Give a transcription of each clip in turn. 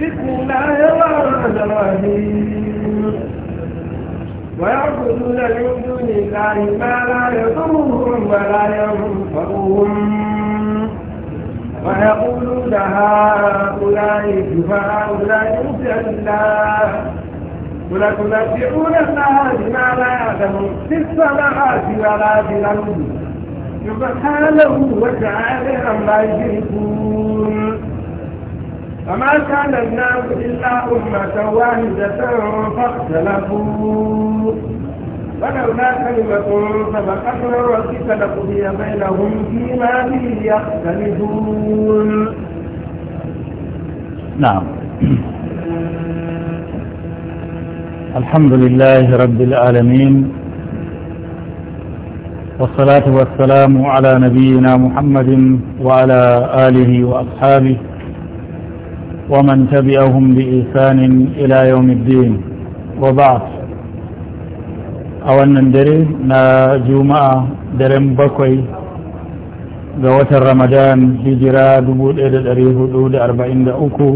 بسم الله الرحمن الرحيم ويعبدون من دون الله ما لا يضرهم ولا ينفعهم ويقولون هؤلاء شفعاؤنا عند الله قل تنبئون الله بما لا يعلم في السماوات ولا في الارض سبحانه وتعالى عما يشركون فما كان الناس إلا أمة واحدة فاختلفوا ولولا كلمة سبقت من فلقضي لقضي بينهم فيما فيه يختلفون نعم الحمد لله رب العالمين والصلاة والسلام على نبينا محمد وعلى آله وأصحابه ومن تبعهم بإحسان إلى يوم الدين وبعد أولا ندري نا جمعة درم بكوي قوة رمضان هجرة دبول إلى الأريه دود أربعين دا أكو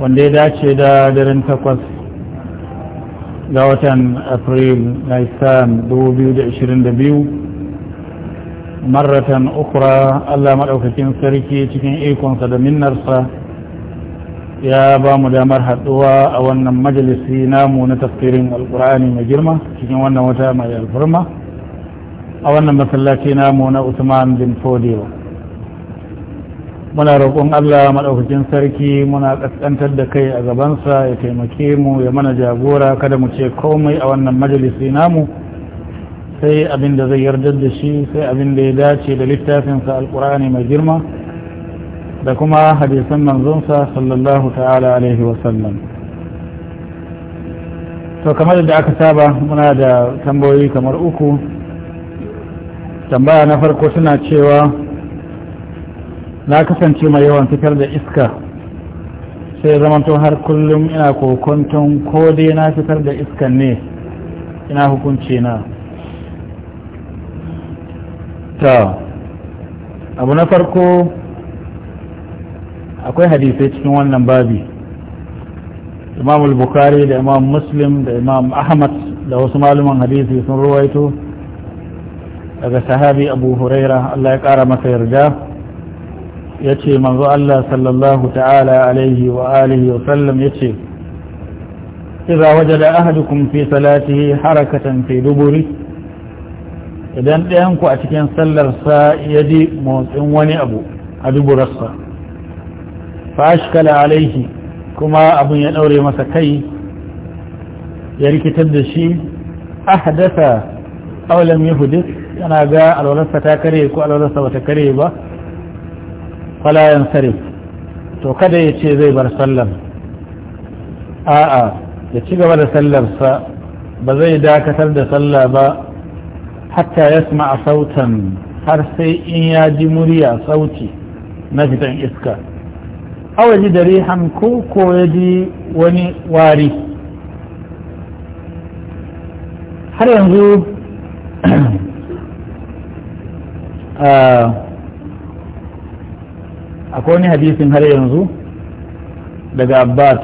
وندي داتشي دا درم تقوص ga watan april na islam 2022 maratan ukura allah maɗaukakin sarki cikin ikonsa da minnarsa ya ba mu damar haɗuwa a wannan majalisi namu na tafsirin alƙur'ani mai girma cikin wannan wata mai alfarma a wannan masallaci namu na usman bin fodiyo muna roƙon Allah maɗaukakin sarki muna ƙasƙantar da kai a gabansa ya taimake mu ya mana jagora kada mu ce komai a wannan majalisi namu sai abin da zai yarda da shi sai abin da ya dace da littafinsa alƙur'ani mai girma da kuma hadisan manzonsa sallallahu ta'ala alaihi wasallam to kamar da aka saba muna da tambayoyi kamar uku tambaya na farko suna cewa na kasance mai yawan fitar da iska sai zamanto har kullum ina kokonton ko dai na fitar da iska ne ina hukunci na ta abu na farko akwai hadisai cikin wannan babi imam bukhari da imam muslim da imam ahmad da wasu maluman hadisi sun ruwaito daga sahabi abu huraira allah ya kara masa yarda ya ce manzo Allah sallallahu ta'ala alaihi wa alihi wa sallam ya ce iza waje da ahadukum fi salatihi harakatan fi duburi idan ɗayanku a cikin sallarsa ya ji motsin wani abu a duburarsa fa alaihi kuma abin ya ɗaure masa kai ya rikitar da shi ahdasa aulam yahudis yana ga alwalarsa ta kare ko ba bata kare ba fala sarif to kada ya ce zai bar sallar a'a ya ci gaba da sallarsa ba zai dakatar da sallah ba hatta a sautan har sai in ya ji murya sauti na fitan iska awaji da rihan ko ko ya ji wani wari har yanzu ah, akwai wani hadisin har yanzu daga abbas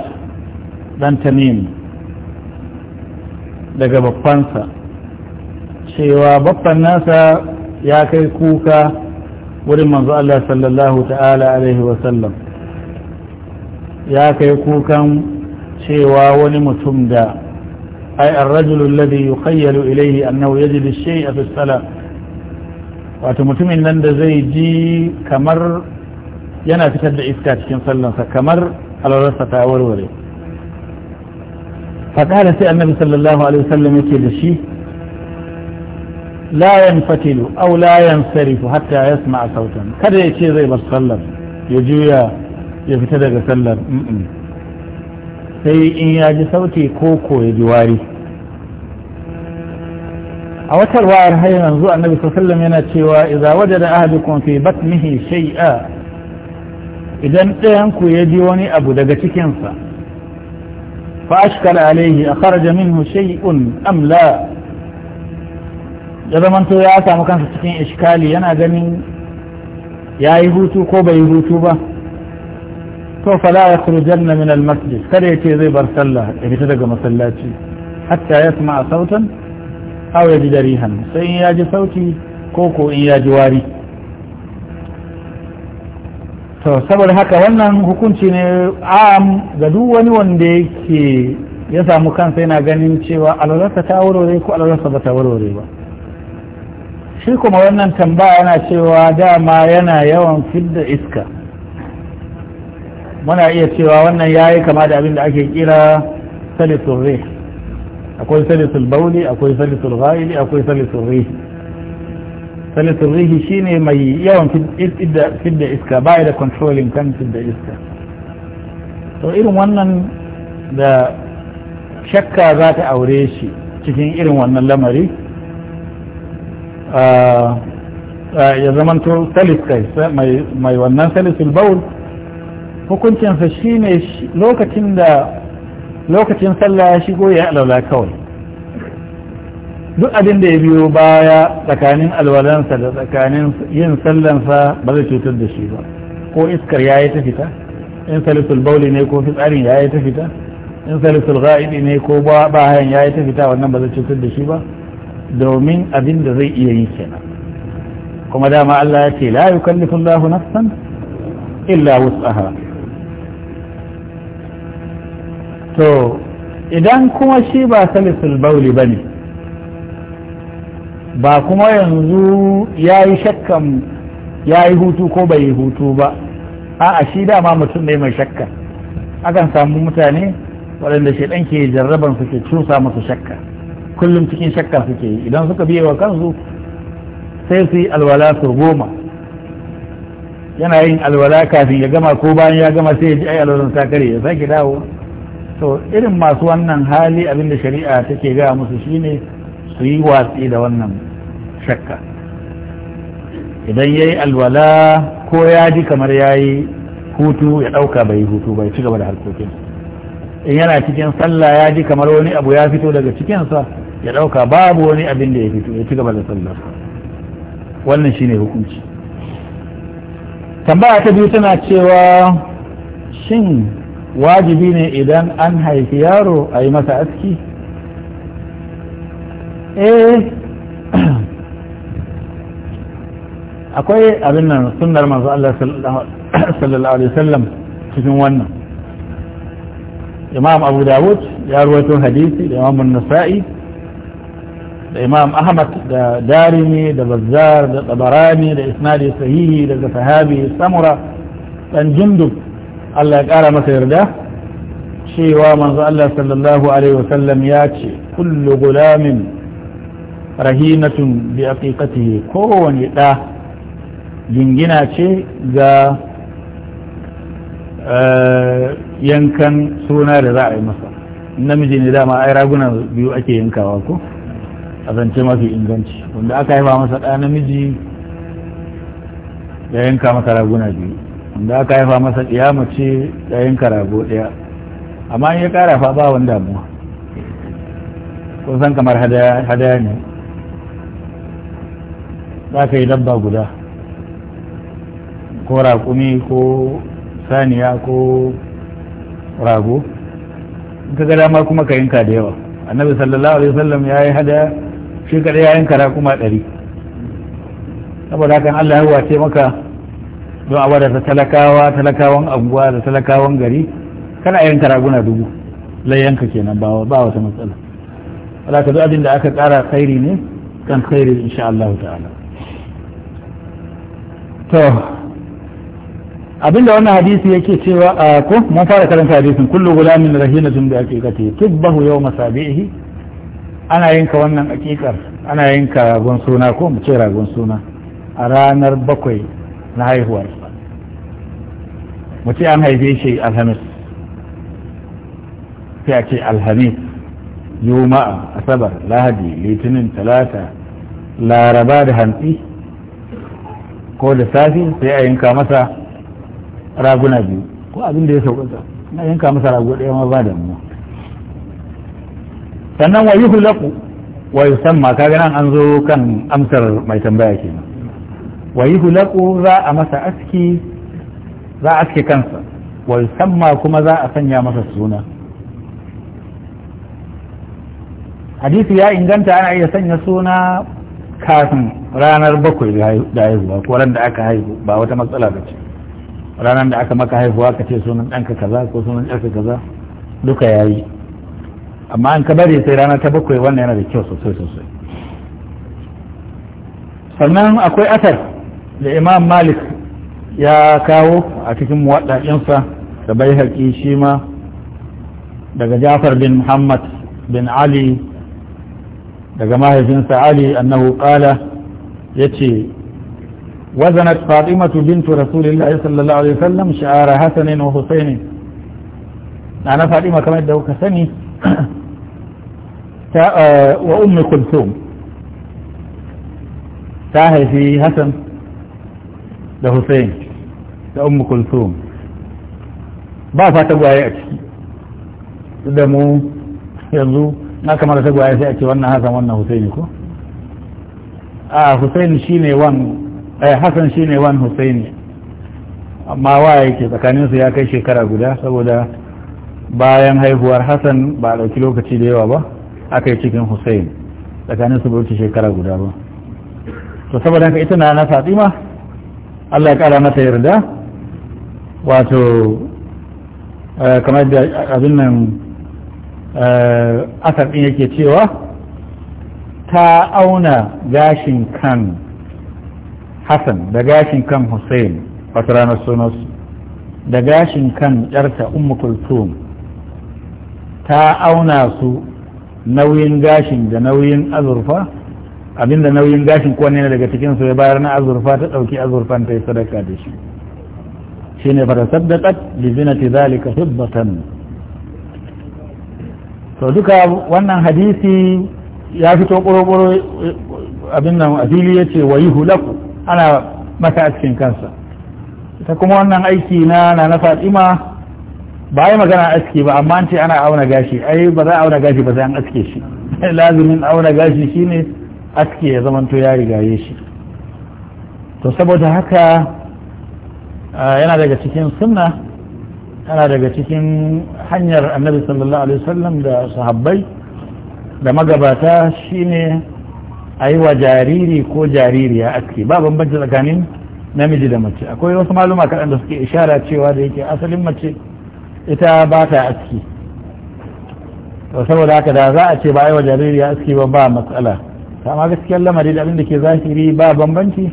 dan tamim daga babbansa cewa babban nasa ya kai kuka wurin manzo Allah sallallahu ta'ala alaihi wasallam ya kai kukan cewa wani mutum da ai arrajulu alladhi yukayyalu ilayhi annahu yajidu ash-shay'a fi as wato mutumin nan da zai ji kamar yana fitar da iska cikin sallansa kamar alwararsa ta warware faƙala sai annabi sallallahu alaihi wasallam yake da shi la yanfatilu aw la yansarifu hatta yasma'a sautan kada ya ce zai bar sallar ya juya ya fita daga sallar sai in ya ji sauti ko ko ya ji wari a wata wayar har yanzu annabi sallallahu alaihi wasallam yana cewa idza wajada ahadukum fi batnihi shay'a idan ɗayanku ya ji wani abu daga cikinsa fa ashkala alaihi a kharaja minhu shay'un am la ya zamanto ya samu kansa cikin iskali yana ganin ya yi hutu ko bai yi hutu ba to fala ya khurujanna min al-masjid kada ya ce zai bar sallah ya fita daga masallaci hatta ya sama sautan aw ya sai in ya ji sauti ko ko in ya ji wari to saboda haka wannan hukunci ne am ga duk wani wanda yake ya samu kansa yana ganin cewa alwalarsa ta warware ko alwalarsa ba ta warware ba shi kuma wannan tambaya yana cewa dama yana yawan fidda iska muna iya cewa wannan ya yi kama da abin da ake kira salisul akwai salisul bauli akwai salisul ghaili akwai salisul salisun rihi ne mai yawan fidda iska ya da controlling kan fidda iska to irin wannan da shakka za ta aure shi cikin irin wannan lamari ah, ah, ya zamanto salis kai mai wannan salisul baul hukuncinsa shi ne lokacin da lokacin sallah ya shigo ya alaula kawai duk abin da ya biyo baya tsakanin alwalansa da tsakanin yin sallansa ba zai cutar da shi ba ko iskar ya yi ta fita in salisul bauli ne ko fitsarin ya yi ta fita in salisul ra'idi ne ko bahayan ya yi ta fita wannan ba zai cutar da shi ba domin abin da zai iya yi kenan kuma dama Allah ya ce la yukallifu Allahu nafsan illa wus'aha to idan kuma shi ba salisul bauli bane ba kuma yanzu ya yi shakkan ya yi hutu ko bai yi hutu ba a shi dama mutum ne mai shakka akan samu mutane waɗanda shaidan ke jarraban suke cusa masu shakka kullum cikin shakka suke yi idan suka biye wa kansu sai su yi alwala su goma yana yin alwala kafin ya gama ko bayan ya gama sai ya ji ai alwalan ta kare ya sake dawo to irin masu wannan hali abinda shari'a take gaya musu shine su yi watsi da wannan shakka idan ya yi alwala ko ya ji kamar ya yi hutu ya ɗauka bai yi hutu bai ci gaba da harkokin in yana cikin sallah ya ji kamar wani abu ya fito daga cikinsa ya ɗauka babu wani abin da ya fito ya ci gaba da sallar wannan shine hukunci tambaya ta biyu tana cewa shin wajibi ne idan an haifi yaro a yi masa aski eh akwai abin nan sunnar manzo Allah sallallahu alaihi wasallam cikin wannan imam abu dawud ya rawaito hadisi da imam nasa'i da imam ahmad da darimi da bazzar da tabarani da isnadi sahihi daga sahabi samura dan jundub Allah ya kara masa yarda cewa manzo Allah sallallahu alaihi wasallam ya ce kullu gulamin rahinatun bi aqiqatihi kowane ɗa jingina ce ga eh, yankan suna da za a yi masa namiji ne dama ai raguna biyu ake yankawa ko a zance mafi inganci wanda aka haifa masa ɗa namiji ya yanka masa raguna biyu wanda aka haifa masa ɗiya mace ya yanka rago ɗaya amma in ya ƙara fa ba wanda mu kun san kamar hadaya ne za ka yi dabba guda ko raƙumi ko saniya ko rago ka ga dama kuma ka yanka da yawa annabi sallallahu alaihi wasallam ya yi hada shi kaɗai ya yanka raƙuma ɗari saboda hakan allah ya wace maka don a wadata talakawa talakawan abubuwa da talakawan gari kana yanka raguna dubu layyanka kenan ba wata matsala Wala ka zo abin da aka ƙara khairi ne kan khairi insha Allah ta'ala to abinda wannan hadisi yake cewa a ko mun fara karanta hadisin kullu gulamin rahina jin ake aqiqati tubbahu yau masabihi ana yinka wannan aqiqar ana yinka ragon suna ko mu ce ragon suna a ranar bakwai na haihuwar mu ce an haife shi alhamis sai a ce alhamis juma'a asabar lahadi litinin talata laraba da hantsi ko da safi sai a yanka masa raguna biyu ko abin da ya sauƙaƙa na yanka masa ragu ɗaya ma ba da mu sannan wa yuhlaqu wa yusamma ka nan an zo kan amsar mai tambaya ke nan. wa yuhlaqu za a masa aski za a aske kansa wa yusamma kuma za a sanya masa suna hadisi ya inganta ana iya sanya suna kafin ranar bakwai da haihuwa ko ran da aka haihu ba wata matsala ba ce ranar da aka maka haihuwa ka ce sunan ɗanka kaza ko sunan ɗanka kaza duka ya yi amma an ka bari sai ranar ta bakwai wannan yana da kyau sosai sosai sannan akwai asar da imam malik ya kawo a cikin waɗaɗinsa da bai haƙi shi ma daga jafar bin muhammad bin ali daga mahaifinsa Ali annahu qala yace wazanat Fatimatu bintu Rasulillahi sallallahu alaihi wasallam sha'ara Hasan wa Husain ana Fatima kamar yadda kuka sani ta eh, wa um Kulthum ta haifi Hasan da Husain da um Kulthum ba fa ta gwaye a ciki da mu yanzu na kamar tagwaye sai a ce wannan hasan wannan husaini ko a husaini shine wan eh hasan shine wan husaini amma waye yake tsakanin su ya kai shekara guda saboda bayan haihuwar hasan ba a dauki lokaci da yawa ba aka yi cikin husaini tsakanin su bai shekara guda ba to saboda haka ita na na fatima Allah ya kara mata yarda wato eh, kamar da abin nan Eh, asar ɗin yake cewa ta auna gashin kan hassan da gashin kan hussein wata ranar sunansu da gashin kan yarta ummu kultum ta auna su nauyin gashin da nauyin azurfa abinda nauyin gashin kowane ne daga cikin ya bayar na azurfa ta ɗauki azurfan ta yi sadaka da shi shine fara sadaka bi zinati zalika hibbatan to duka wannan hadisi ya fito ƙoro abin nan a fili ya ce wa yi hulaku ana mata a cikin kansa ta kuma wannan aiki na na na fatima ba yi magana aski ba amma ce ana auna gashi ai ba za a auna gashi ba za an aske shi lazimin auna gashi shine aske ya to ya rigaye shi to saboda haka yana daga cikin sunna tana daga cikin hanyar annabi sallallahu alaihi wasallam da sahabbai da magabata shine a yi wa jariri ko jaririya aski ba bambanci tsakanin namiji da mace akwai wasu maluma kaɗan da suke ishara cewa da yake asalin mace ita ba ta aski saboda haka da za a ce ba a yi wa jaririya aski ba ba matsala amma gaskiyar lamari da abin da ke zahiri ba bambanci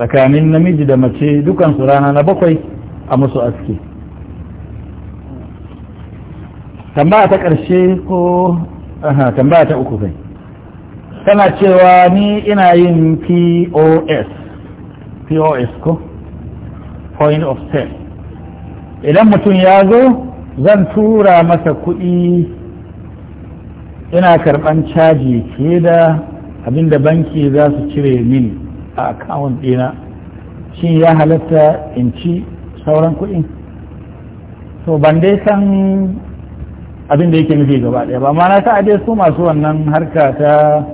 tsakanin namiji da mace dukansu rana na bakwai a musu aski tambaya ta ƙarshe ko tambaya ta uku zai tana cewa ni ina yin pos pos ko point of sale idan mutum ya zo zan tura masa kuɗi ina karɓan caji fiye da abinda banki za su cire mini a akawun ɗina shi ya halatta in ci sauran kuɗi to ban dai san abin da yake nufi gaba ɗaya ba amma na ta ajiye su masu wannan harka ta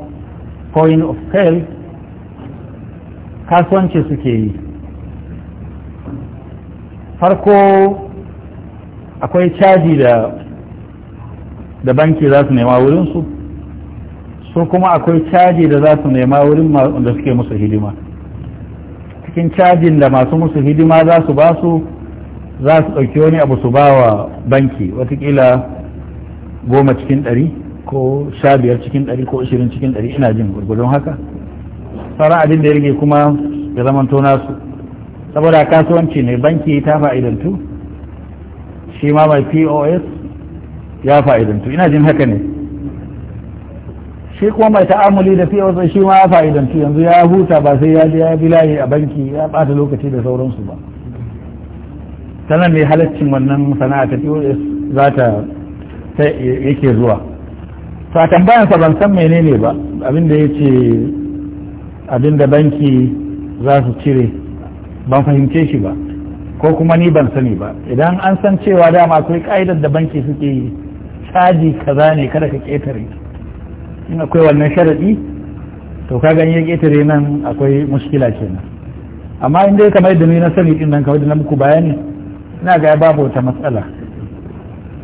coin of sale kasuwanci suke yi farko akwai caji da da banki za su nema wurinsu su kuma akwai caji da za su nema wurin da suke musu hidima cikin cajin da masu musu hidima za su ba su za su ɗauki wani abu su ba wa banki watakila goma cikin ɗari ko sha biyar cikin ɗari ko ashirin cikin ɗari ina jin gurgudun haka sauran abin da ya rage kuma ya tona su saboda kasuwanci ne banki ta fa'idantu shi ma mai pos ya fa'idantu ina jin haka ne shi kuma mai ta'amuli da pos shi ma ya fa'idantu yanzu ya huta ba sai ya ya bi layi a banki ya bata lokaci da sauransu ba sanan ne halaccin wannan sana'a ta pos za ta yake zuwa to a tambayansa ban san menene ba abinda ya ce abinda banki za su cire ban fahimce shi ba ko kuma ni ban sani ba idan an san cewa dama akwai ka'idar da banki suke caji kaza ne kada ka ƙetare in akwai wannan sharaɗi to ka gani ya ƙetare nan akwai mushkila kenan amma inda ya kamar da ni na sani ɗin nan kawai da na muku bayani ina ga ya babu wata matsala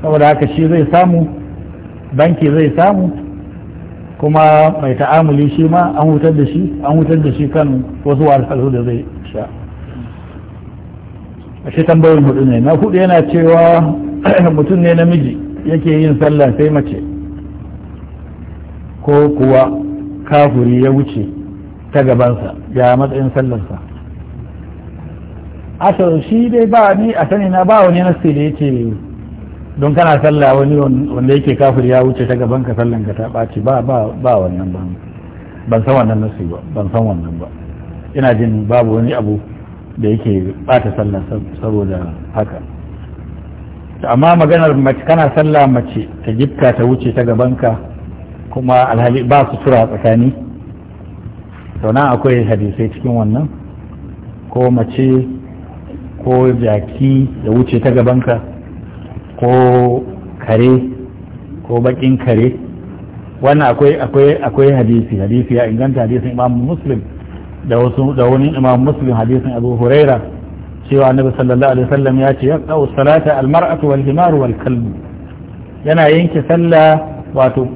saboda haka shi zai samu banki zai samu kuma mai ta'amuli shi ma an hutar da shi an hutar da shi kan wasu wasu da zai sha a shi tambayin hudu ne na hudu yana cewa mutum ne namiji yake yin sallah sai mace ko kuwa kafuri ya wuce ta gabansa ya matsayin sallarsa a shi dai ba ni a sani na ba wani nasi da yake don kana sallah wani wanda yake kafir ya wuce ta gaban ka sallan ka ta ɓaci ba ba wannan ba ban san wannan nasu ba ban san wannan ba ina jin babu wani abu da yake ɓata sallah saboda haka To amma maganar mace kana sallah mace ta jibka ta wuce ta gaban ka kuma alhali ba su tura tsakani to nan akwai hadisai cikin wannan ko mace ko jaki da wuce ta gaban ka ko kare ko bakin kare wannan akwai akwai akwai hadisi hadisi ya inganta hadisin imam muslim da wasu da wani imam muslim hadisin abu huraira cewa annabi sallallahu alaihi wasallam ya ce yaqau salata almar'atu wal himaru wal kalbu yana yanke sallah wato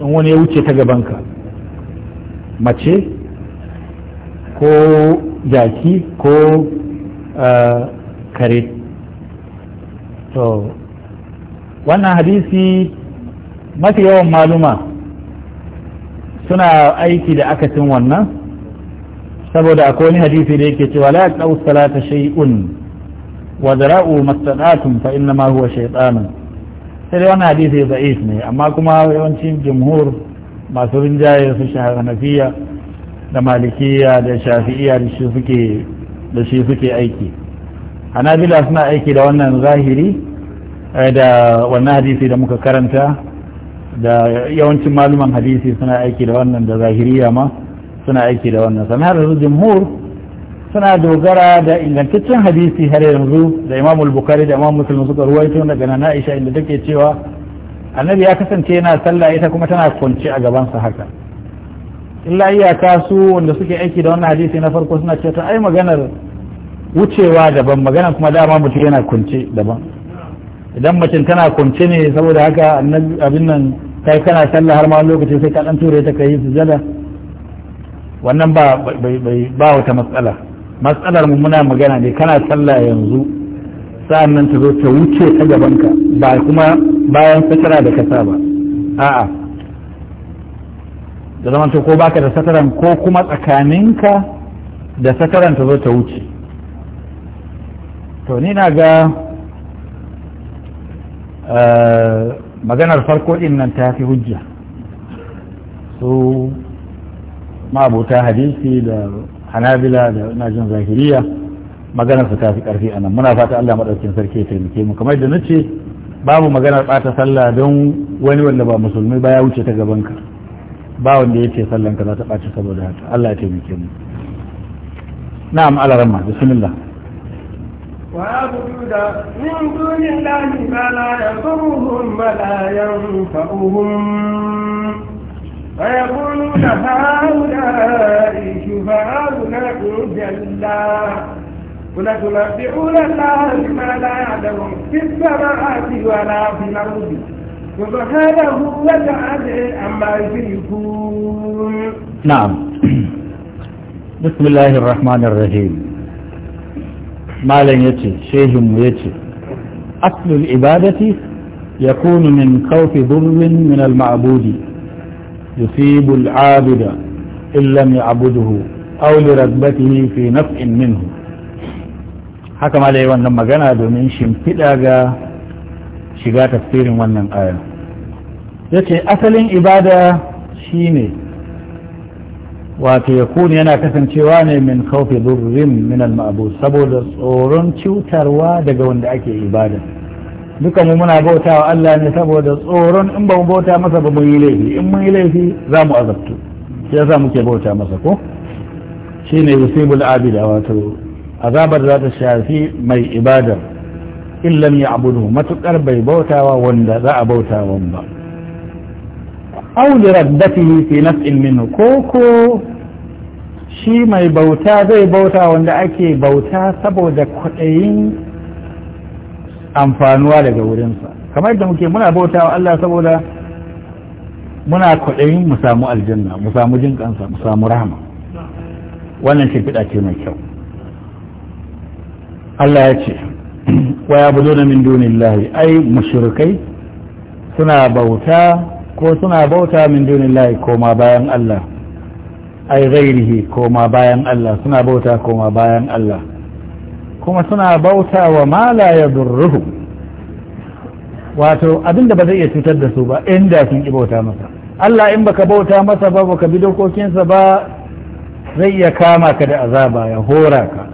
in wani ya wuce ta gabanka mace ko jaki ko eh, kare to wannan hadisi mafi yawan maluma suna aiki da akasin wannan saboda akwai wani hadisi da yake cewa la tsaw salata shay'un wa zara'u mastadatun fa inna ma huwa shaytanun sai dai wannan hadisi da'if ne amma kuma yawancin jumhur masu rinjaye su hanafiya da malikiya da shafi'iya da shi suke da shi suke aiki hanabila suna aiki da wannan zahiri Eh, da wannan hadisi da muka karanta da yawancin maluman hadisi suna aiki da wannan da zahiriya ma suna aiki da wannan sannan har yanzu suna dogara da ingantaccen hadisi har yanzu da imamul bukari da imam musulun suka ruwaito daga na aisha inda take cewa annabi ya kasance yana sallah ita kuma tana kwance a gabansa haka illa iyaka su wanda suke aiki da wannan hadisi na farko suna cewa ai maganar wucewa daban maganar kuma dama mutum yana kwance daban idan macin tana kwance ne saboda haka abin nan kai kana sallah har ma lokaci sai ka dan ture ta kai sujada wannan ba ba wata matsala matsalar mu muna magana ne kana sallah yanzu sa'an nan ta zo ta wuce ta gabanka ba kuma bayan satara da kasa ba a'a da zaman to ko baka da sataran ko kuma tsakaninka da sataran ta zo ta wuce to ni na ga Eh, maganar farko din nan ta fi hujja su ma'abuta hadisi da hanabila da najin zahiriya maganar su ta fi karfi a nan muna fata Allah maɗaukin sarki ya taimake mu kamar da nace babu maganar ɓata sallah don wani wanda ba musulmi ba ya wuce ta gaban ka ba wanda ya ce sallanka za ta ɓaci saboda haka Allah ya taimake mu na'am alaramma bismillah ويعبدون من دون الله ما لا يضرهم ولا ينفعهم ويقولون هؤلاء شفعاؤنا عند الله قل تنبئون الله بما لا يعلم في السماوات ولا في الأرض سبحانه وتعالى عما يشركون نعم بسم الله الرحمن الرحيم malam ya ce shehinmu ya ce aslul ibadati ya kunu min kaufi burbin min al-ma'budi yusibu al-abida illam ya'buduhu aw li ragbatihi fi naf'in minhu haka ma dai wannan magana domin shimfiɗa ga shiga tafsirin wannan aya yace asalin ibada shine wato ya kuni yana kasancewa ne min khawfi durrin min al-ma'bud saboda tsoron cutarwa daga wanda ake ibada duka mu muna bautawa Allah ne saboda tsoron in ba mu bauta masa ba mun yi laifi in mun yi laifi za mu azabtu shi yasa muke bauta masa ko shine yusibul abida wato azabar za ta shafi mai ibadar illam ya abudu matukar bai bautawa wanda za a bauta ba au li raddatihi fi ko ko shi mai bauta zai bauta wanda ake bauta saboda kwaɗayin amfanuwa daga wurinsa kamar da muke muna bauta Allah saboda muna kwaɗayin mu samu aljanna mu samu jin mu samu rahama wannan shimfiɗa ce mai kyau Allah ya ce wa ya budo na min dunillahi ai mushrikai suna bauta ko suna bauta min dunillahi koma bayan Allah ai ghairihi koma bayan Allah suna bauta koma bayan Allah kuma suna bauta wa ma la yadurruhu wato abinda ba zai iya cutar da su ba inda sun ki bauta masa Allah in baka bauta masa ba baka bi dokokinsa ba zai iya kama ka da azaba ya hora ka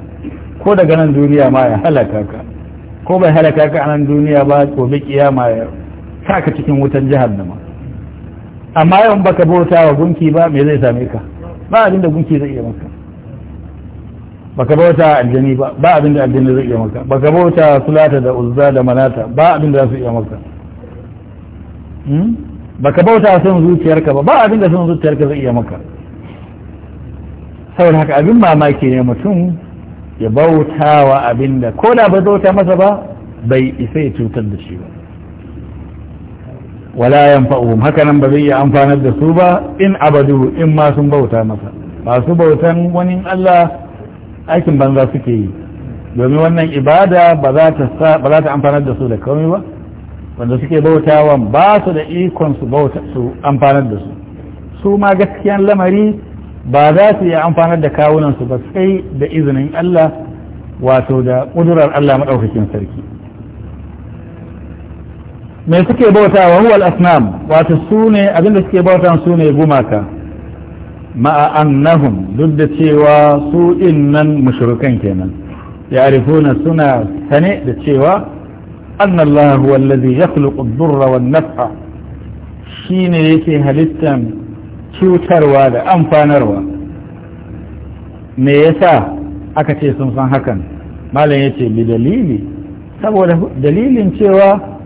ko daga nan duniya ma ya halaka ka ko bai halaka ka a nan duniya ba gobe kiyama ya saka cikin wutan jahannama amma yawan baka bauta wa gunki ba me zai same ka ba abin da gunki zai iya maka baka bauta wa aljani ba ba abin da aljani zai iya maka baka bauta wa sulata da uzza da manata ba abin da za su iya maka hmm? baka bauta wa son zuciyarka ba ba abin da son zuciyarka zai iya maka saboda haka abin mamaki ne mutum ya bauta wa abin da ko da ba zauta masa ba bai isa ya cutar da shi ba wala yanfa'uhum haka hakanan ba zai iya amfanar da su ba in abadu in ma sun bauta masa masu bautan wani Allah aikin banza suke yi domin wannan ibada ba za ta amfanar da su da kawai ba wanda suke bautawa ba su da ikon su bauta su amfanar da su su ma gaskiyan lamari ba za su iya amfanar da kawunan su ba sai da izinin Allah wato da ƙudurar Allah maɗaukakin sarki mai suke bauta wa huwal asnam wato sune abinda suke bauta sune ne gumaka ma'a annahum duk da cewa su innan mushrikan kenan ya'rifuna suna sane da cewa anna Allah huwa allazi yakhluqu ad-durra wan-naf'a shine yake halittan cutarwa da amfanarwa me yasa aka ce sun san hakan malam yace bi dalili saboda dalilin cewa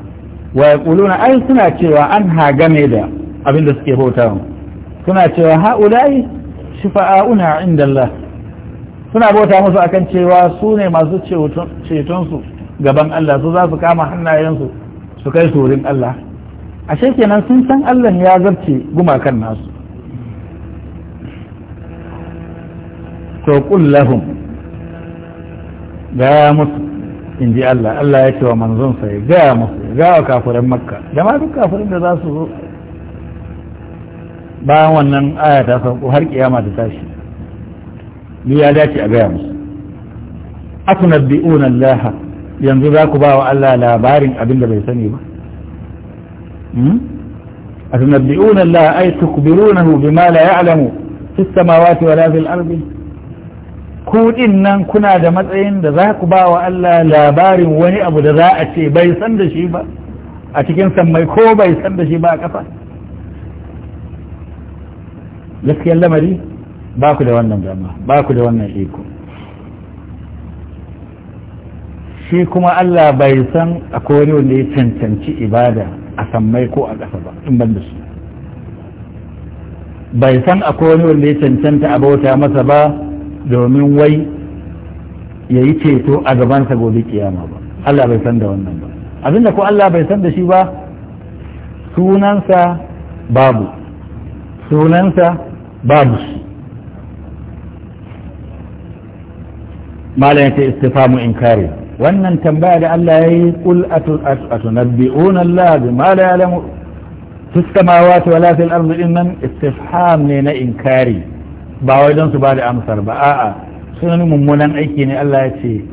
wa yaquluna ai suna cewa an hagame da abin da suke bauta suna cewa haulai shifa'auna inda Allah suna bauta musu akan cewa su ne masu ceton su gaban Allah su za su kama hannayensu su kai surin wurin Allah ashe kenan sun san Allah ya zarce gumakan nasu to qul lahum ga musu in ji Allah Allah ya ce wa manzonsa ya gaya musu gawa gaya kafirin makka da ma duk kafirin da za su zo bayan wannan aya ta sauko har kiyama ta tashi ni ya dace a gaya musu atunabbi'una Allah yanzu za ku ba wa Allah labarin abin da bai sani ba hmm? atunabbi'una Allah ay tukbirunahu bima la ya'lamu fi samawati wa la fil ardi ku din nan kuna da matsayin da za ku ba wa Allah labarin wani abu da za a ce bai san da shi ba a cikin sammai ko bai san da shi ba a ƙasa gaskiyar lamari ba ku da wannan dama ba ku da wannan iko shi kuma Allah bai san akwai wani wanda ya cancanci ibada a sammai ko a ƙasa ba in ban da shi bai san akwai wani wanda ya cancanta a bauta masa ba domin wai ya yi ceto a gabansa gobe kiyama ba Allah bai san da wannan ba abinda ko Allah bai san da shi ba sunansa babu sunansa babu shi malam ta istifamu inkari wannan tambaya da Allah ya yi kul atunabbi'una Allah bima la ya'lamu fi samawati wala fil ardi innan istifham ne na inkari ba wai don su ba da amsar ba a'a sunanin mummunan aiki ne Allah ya ce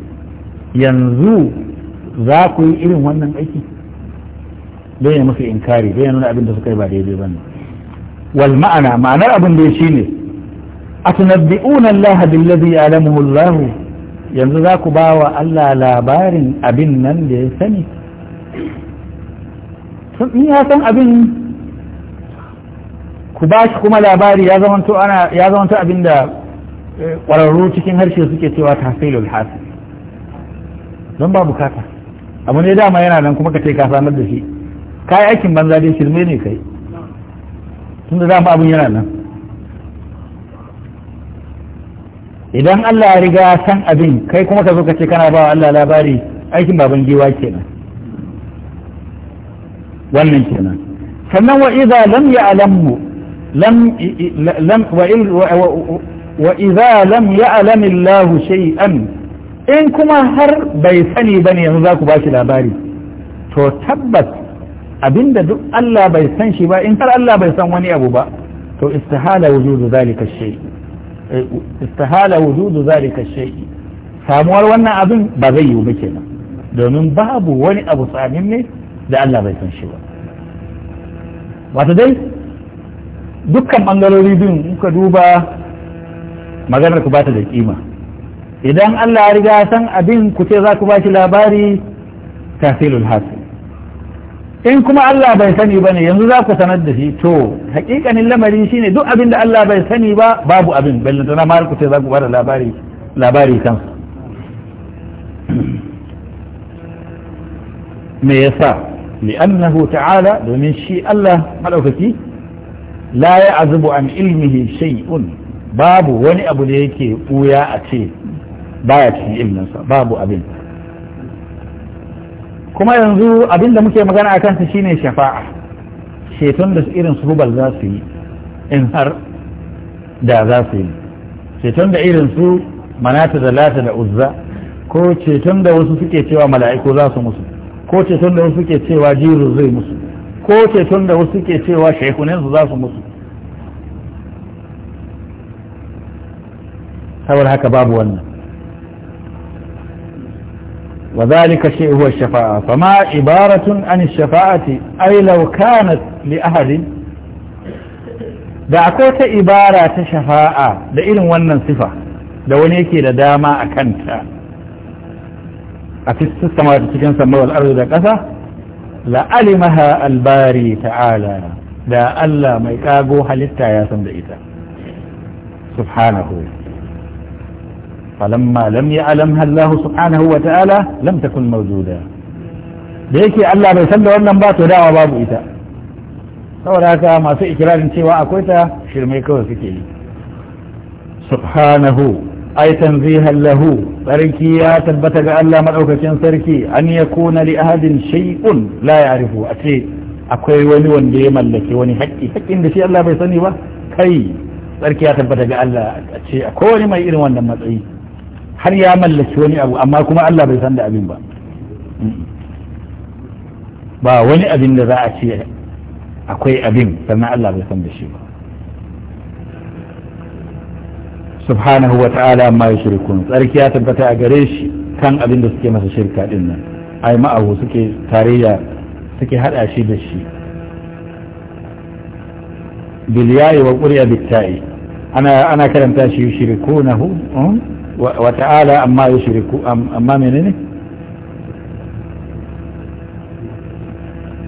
yanzu za ku yi irin wannan aiki don ya musu inkari don ya nuna abin da suka yi ba daidai ba ne wal ma'ana ma'anar abin da shi ne atunabbi'una Allah billazi ya'lamuhu Allah yanzu za ku ba wa Allah labarin abin nan da ya sani sun ya san abin ku ba shi kuma labari ya zamanta ana ya abinda eh, ƙwararru cikin harshe suke cewa tahsilul hasil don ba bukata abu ne dama yana nan kuma ka ce ka samar da shi kai aikin banza dai shirme ne kai tunda dama abun yana nan idan Allah ya riga san abin kai kuma ka zo ka ce kana ba Allah labari aikin baban giwa kenan wannan kenan sannan wa idza lam ya'lamu لم لم وإذا لم يعلم in kuma har bai sani ba ne yanzu za ku ba shi labari to tabbas abinda duk Allah bai san shi ba in har Allah bai san wani abu ba to istihala wujudu zalika shay istihala wujudu zalika shay samuwar wannan abin ba zai yiwu ba kenan domin babu wani abu samin ne da Allah bai san shi ba wato dukkan bangarori biyun muka duba maganar ku bata da kima idan Allah ya riga san abin ku ce za ku ba shi labari tafilul hasil in kuma Allah bai sani ba ne yanzu za ku sanar da shi to hakikanin lamari shine duk abin da Allah bai sani ba babu abin ballantana ma ku ce za ku bada labari labari kan me yasa li'annahu ta'ala domin shi Allah madaukaki لا ya azubu an شيء باب babu wani abu da yake buya a ce baya cikin ilminsa babu abin kuma yanzu abin da muke magana akan ta shine shafa'a shetan da irin su hubal za su yi in har da za su yi shetan da irin su manata da lata da uzza ko ceton da wasu suke cewa mala'iku za su musu ko ceton da wasu suke cewa jiru zai musu ko ceton da wasu ke cewa shekuninsu za su musu sabar haka babu wannan wa zalika shi huwa shafa'a fa ma ibaratun an shafa'ati ay law kanat li لأحد da akwai ta ibara ta shafa'a da irin wannan sifa da wani yake da dama a kanta a cikin samawa da cikin samawa arzu da ƙasa la'alimaha albari ta'ala da Allah mai kago halitta ya san da ita subhanahu falamma lam ya'lam Allah subhanahu wa ta'ala lam takun da yake Allah bai san da wannan ba to dawa babu ita saboda masu ikirarin cewa akwai ta shirme kawai suke yi subhanahu ay tanzihan lahu sarki ya tabbata ga Allah madaukakin sarki an yakuna li ahadin shay'un la ya'rifu a ce akwai wani wanda ya mallake wani haƙƙi haƙƙin da shi Allah bai sani ba kai sarki ya tabbata ga Allah a ce akwai wani mai irin wannan matsayi har ya mallaki wani abu amma kuma Allah bai san da abin ba ba wani abin da za ce akwai abin sannan Allah bai san da shi ba subhanahu wa ta'ala amma ya shirkun tsarki tabbata a gare shi kan abin da suke masa shirka din nan ai ma'ahu suke tarayya suke hada shi da shi bil yayi wa quriya bit ta'i ana ana karanta shi shirkunahu um, wa ta'ala amma ya shirku amma menene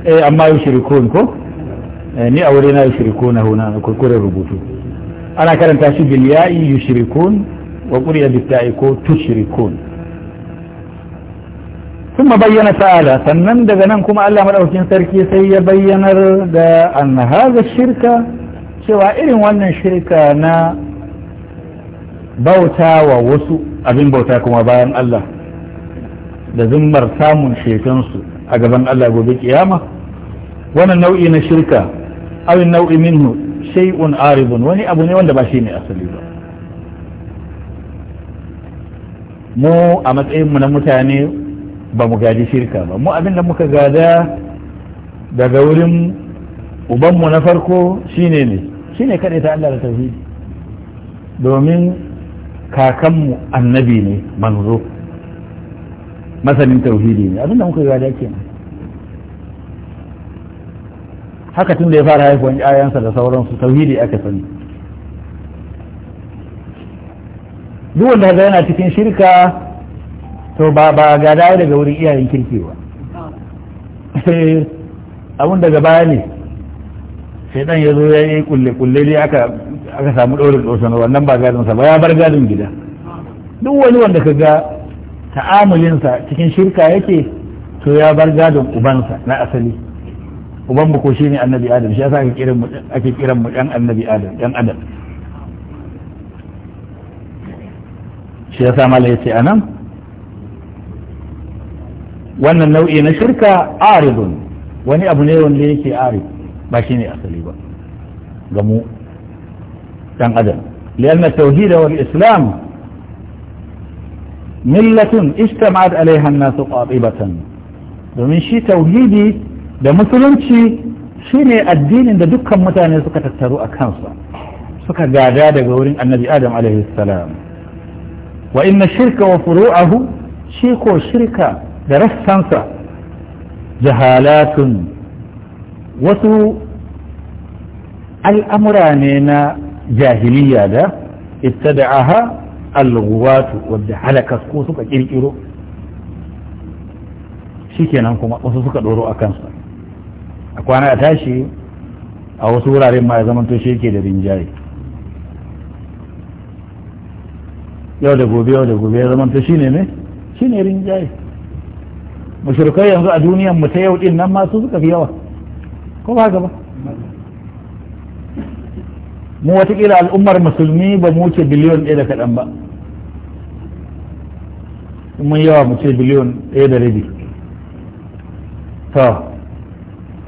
eh amma ya shirkun ko eh, ni aure na ya shirkunahu na ku kure rubutu ana karanta shi bil ya'i yushrikun wa quriya bit ko tushrikun ma bayyana ta'ala sannan daga nan kuma Allah madaukakin sarki sai ya bayyanar da an hadha shirka cewa irin wannan shirka na bauta wa wasu abin bauta kuma bayan Allah da zimmar samun shekansu a gaban Allah gobe kiyama wannan nau'i na shirka awin nau'i minhu shay'un aribun wani abu ne wanda ba shi ne asali ba mu a matsayinmu na mutane ba mu gaji shirka ba mu abin da muka gada daga wurin ubanmu na farko shine ne shine kaɗai ta Allah da tauhidi domin kakanmu annabi ne manzo masanin tauhidi ne abin da muka gada kenan haka tun da ya fara haifuwan yayansa da sauransu tauhidi aka sani duk wanda haka yana cikin shirka to ba ba ga dawo daga wurin iyayen kirki ba abun daga baya ne sai dan ya zo ya yi kulle kulle ne aka aka samu ɗaurin ɗosan wannan ba gadon sa ba ya bar gadon gida duk wani wanda ka ga ta'amulinsa cikin shirka yake to ya bar gadon ubansa na asali uban ko shine annabi adam shi yasa ake kiran mu dan annabi adam dan adam shi yasa mala ya ce a nan wannan nau'i na shirka aridun wani abu ne wanda yake arid ba shi ne asali ba ga mu dan adam lianna لأن التوحيد millatun ملة alaiha an-nasu qatibatan domin shi توحيدي da musulunci shine addinin da dukkan mutane suka tattaru a kansa suka gada daga wurin annabi adam alaihi salam wa inna shirka wa furu'ahu shi ko shirka da rassansa jahalatun wasu al'amura ne na jahiliya da ittada'aha al-ghuwatu wadda halakas ko suka kirkiro shikenan kuma wasu suka ɗoro a kansa a kwana a tashi a wasu wuraren ma ya zamanto shi yake da rinjaye yau da gobe yau da gobe ya zamanto shi ne ne shi ne rinjaye mashirkai yanzu a duniyan mu ta yau din nan masu suka fi yawa ko ba gaba mu watakila al'ummar musulmi ba mu wuce biliyon ɗaya da kaɗan ba mun yawa mu ce biliyon ɗaya da rabi to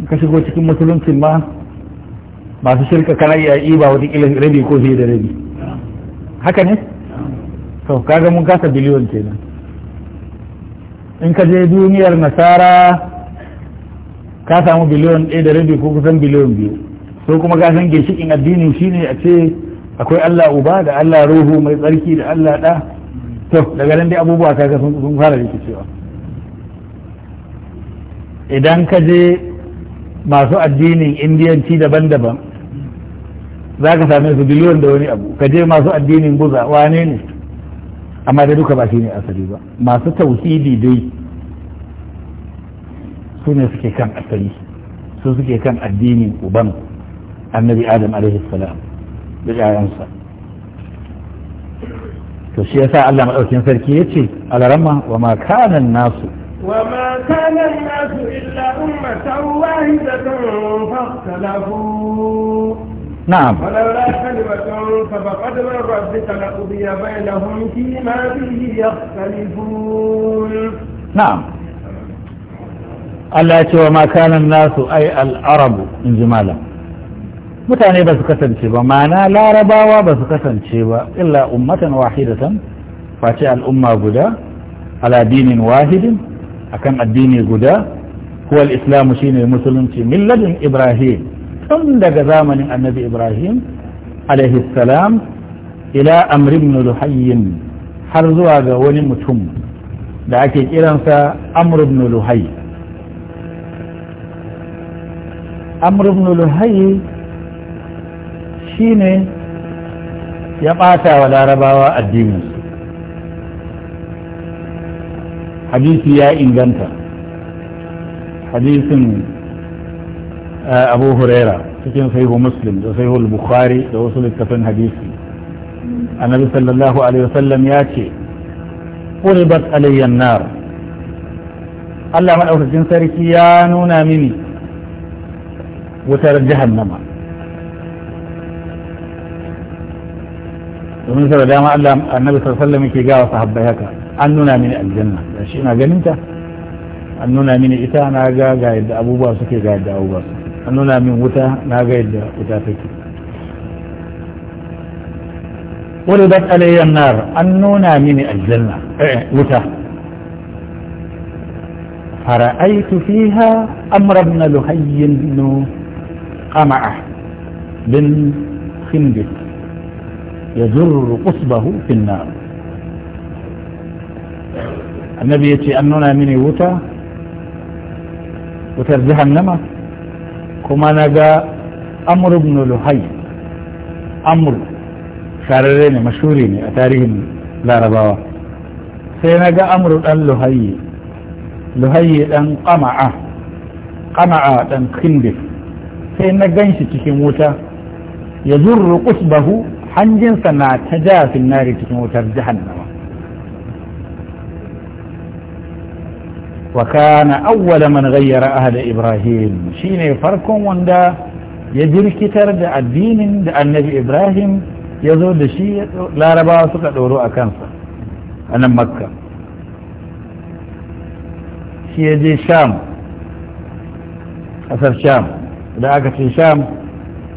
ka shigo cikin musuluncin ma masu shirka kana iya yi ba wata ilin rabi ko fiye da rabi haka ne to kaga mun kasa biliyon kenan in ka je duniyar nasara ka samu biliyon ɗaya da rabi ko kusan biliyon biyu so kuma ka san ginshikin addinin shine a ce akwai Allah uba da Allah ruhu mai tsarki da Allah ɗa to daga nan dai abubuwa kaga sun fara rikicewa idan ka je masu addinin indiyanci daban-daban za ka same su biliyon da wani abu ka je masu addinin buza wane ne amma da duka ba shi ne asali ba masu tauhidi dai su ne suke kan asali su suke kan addinin uban annabi adam alaihi salam da yayansa to shi yasa Allah madaukin sarki yace alaramma wa ma kana nasu وما كان الناس إلا أمة واحدة فاختلفوا نعم ولولا كلمة فبقد من ربك لقضي بينهم فيما به يختلفون نعم التي وما كان الناس أي العرب من mutane ba su kasance ba mana larabawa ba su kasance ba illa ummatan wahidatan face al'umma guda ala dinin wahidin akan addini guda huwal islamu shine musulunci milladin ibrahim tun daga zamanin annabi ibrahim alaihi salam ila amrin luhayyin har zuwa ga wani mutum da ake kiransa amr ibn luhay amr shine ya ɓata wa larabawa addininsu hadisi ya inganta hadisin eh, abu huraira cikin sahihu muslim da sahihu bukhari da wasu littafin hadisi annabi sallallahu alaihi wasallam ya ce quribat alayya nar Allah madaukakin sarki ya nuna mini wutar jahannama domin sau da dama annabi sallallahu alaihi wasallam yake gawa sahabbai haka أننا من الجنة شئنا جننت أننا من إتا ناقا قايد أبو باسك قايد أبو باسك أننا من غتا ناقا قايد غتا فيك وردت علي النار أننا من الجنة غتا إيه، فرأيت فيها أمر ابن لهي بن قمع بن خندق يجر قصبه في النار annabi ya ce an nuna mini wuta wutar jahannama kuma na ga amur ibn luhai amur shararre ne mashuri ne a tarihin larabawa sai na ga amur dan luhayi luhayi dan kama'a kama'a dan kindif sai na gan shi cikin wuta ya zurru kusbahu hanjinsa na ta jafin nari cikin wutar jahannama وكان أول من غير أهل إبراهيم شيني فركم وندا يدير كتر دا الدين دا النبي إبراهيم يزود شيء لا ربا سكا دورو أكانسا أنا مكة شيء دي شام أثر شام دا أكت في شام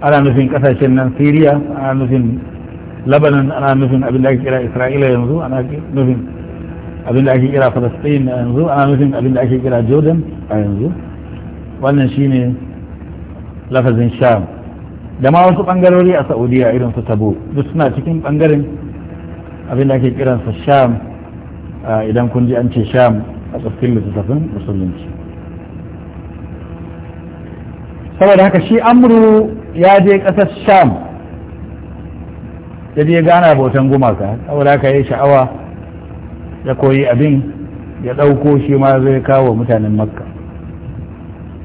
أنا نفين كثا شنن سيريا أنا نفين لبنان أنا نفين أبن لك إلى إسرائيل ينزو أنا نفين abinda ake kira falastin a yanzu ana nufin abinda ake kira jordan a yanzu wannan shine lafazin sham da ma wasu bangarori a saudiya irin su tabo duk suna cikin bangaren abinda ake kiransa sham idan kun ji an ce sham a tsafin littattafin musulunci saboda haka shi amru ya je kasar sham ya je gana bautan gumaka saboda haka ya sha'awa ya koyi abin ya ɗauko shi ma zai kawo mutanen makka